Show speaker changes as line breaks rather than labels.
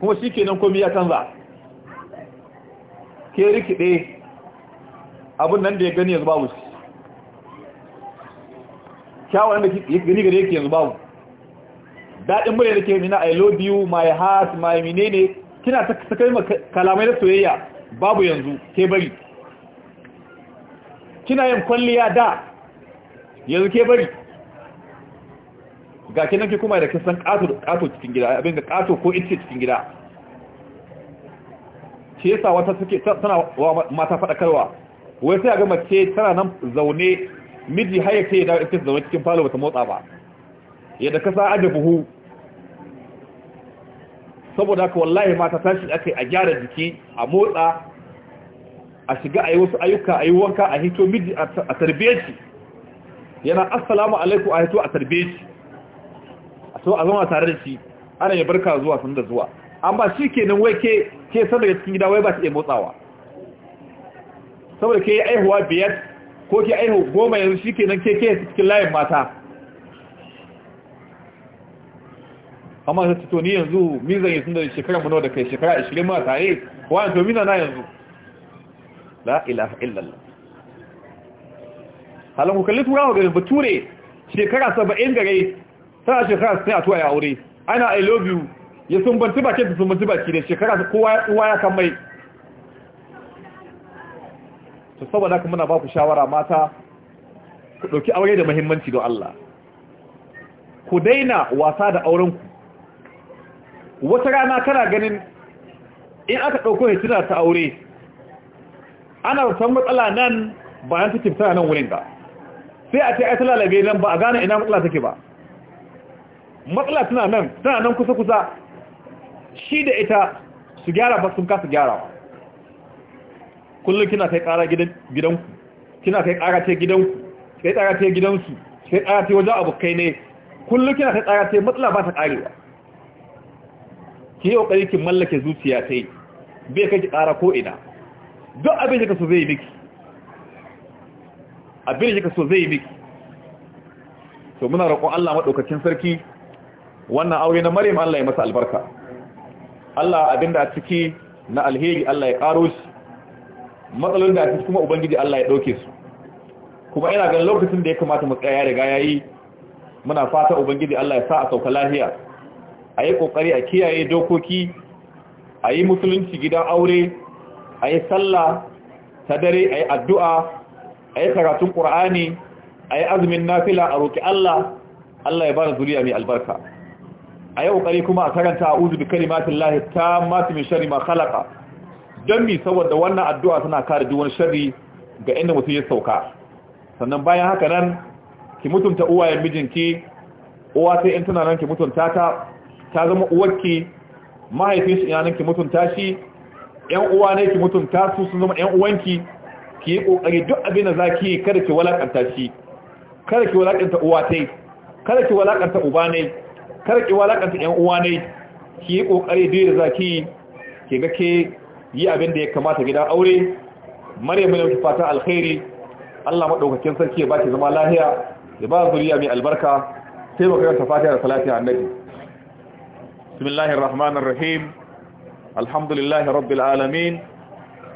kuma shi ke nan komi ya canza ke rikide abin nan da ya gani yanzu babu shi kyawun da ya gani gari yake yanzu babu daɗin murya da ke nuna i love you my heart my menene kina ta kai kalamai na soyayya babu yanzu ke bari kina yin kwalliya da yanzu ke bari ga ke nan ke kuma da kasan kato cikin gida abin da kato ko ice cikin gida ce yasa wata suke tana wa mata faɗakarwa wai sai a ga mace tana nan zaune miji har ya ce ita dawo zaune cikin falo bata motsa ba yadda kasa aje buhu saboda haka wallahi mata tashi akai a gyara jiki a motsa a shiga a yi wasu ayyuka a yi wanka a hito miji a tarbiyyar shi yana assalamu alaikum a hito a tarbiyyar so a zama tare da shi ana ya barka zuwa sun da zuwa amma shi kenan wai ke ke san daga cikin gida wai ba ta iya motsawa saboda ke aihuwa biyar ko ke aihu goma yanzu shi kenan ke ke cikin layin mata amma ta tito ni yanzu mizan yi sun da shekara mu da kai shekara ashirin ma tare wa to mina na yanzu la ilaha illallah halin ku turawa garin bature shekara saba'in gare sai a shekara sai a tuwa ya aure ana i love you ya sumbanci bakin da sumbanci baki ne shekara kowa uwa ya kan mai to saboda kuma na ba ku shawara mata ku ɗauki aure da muhimmanci don Allah ku daina wasa da aurenku wata rana kana ganin in aka ɗauko ya tuna ta aure ana san matsala nan bayan su cimta nan wurin ba sai a ce ai ta lalabe nan ba a gane ina matsala take ba matsala tana nan tana nan kusa-kusa shi da ita su gyara ba sun kasa ba kullum kina kai ƙara gidanku kina kai ƙara ce gidanku kai ƙara ce gidansu kai ƙara ce wajen abokai ne kullum kina kai ƙara ce matsala ba ta ƙarewa ki yi ƙoƙari ki mallake zuciya ta yi bai kai ki ƙara ko ina duk abin da ka so zai miki abin da ka so zai miki to muna roƙon Allah maɗaukakin sarki wannan aure na maryam Allah ya masa albarka Allah abinda a ciki na alheri Allah ya karo shi matsalolin da a ciki kuma ubangiji Allah ya dauke su kuma ina ganin lokacin da ya kamata mu tsaya riga yayi muna fata ubangiji Allah ya sa a sauka lafiya a yi kokari a kiyaye dokoki a yi musulunci gidan aure a yi sallah ta dare a yi addu'a a yi karatun ƙur'ani a yi azumin nafila a roƙi Allah Allah ya bada zuriya mai albarka a yau kare kuma a karanta a uzu bi kalimatin lahi masu mai shari ma khalaqa Don mi saboda wannan addu'a suna kare duwan shari ga inda mutum ya sauka sannan bayan haka nan ki mutunta uwayen mijinki uwa sai in tana ki mutunta ta ta zama uwarki mahaifin shi ina ki mutunta shi ƴan uwa ne ki mutunta su sun zama ƴan uwanki ki yi kokari duk abin da zaki kada ki walakanta shi kada ki walakanta uwa tai kada ki walakanta uba ne kar ki walakanta ƴan uwa ne ki yi kokari dai da zaki ki ga ke yi abin da ya kamata gidan aure maryam ne ki fata alkhairi Allah madaukakin sarki ya ba ki zama lafiya ya ba zuriya mai albarka sai magana ta fata da salati annabi bismillahir rahmanir rahim alhamdulillahi rabbil alamin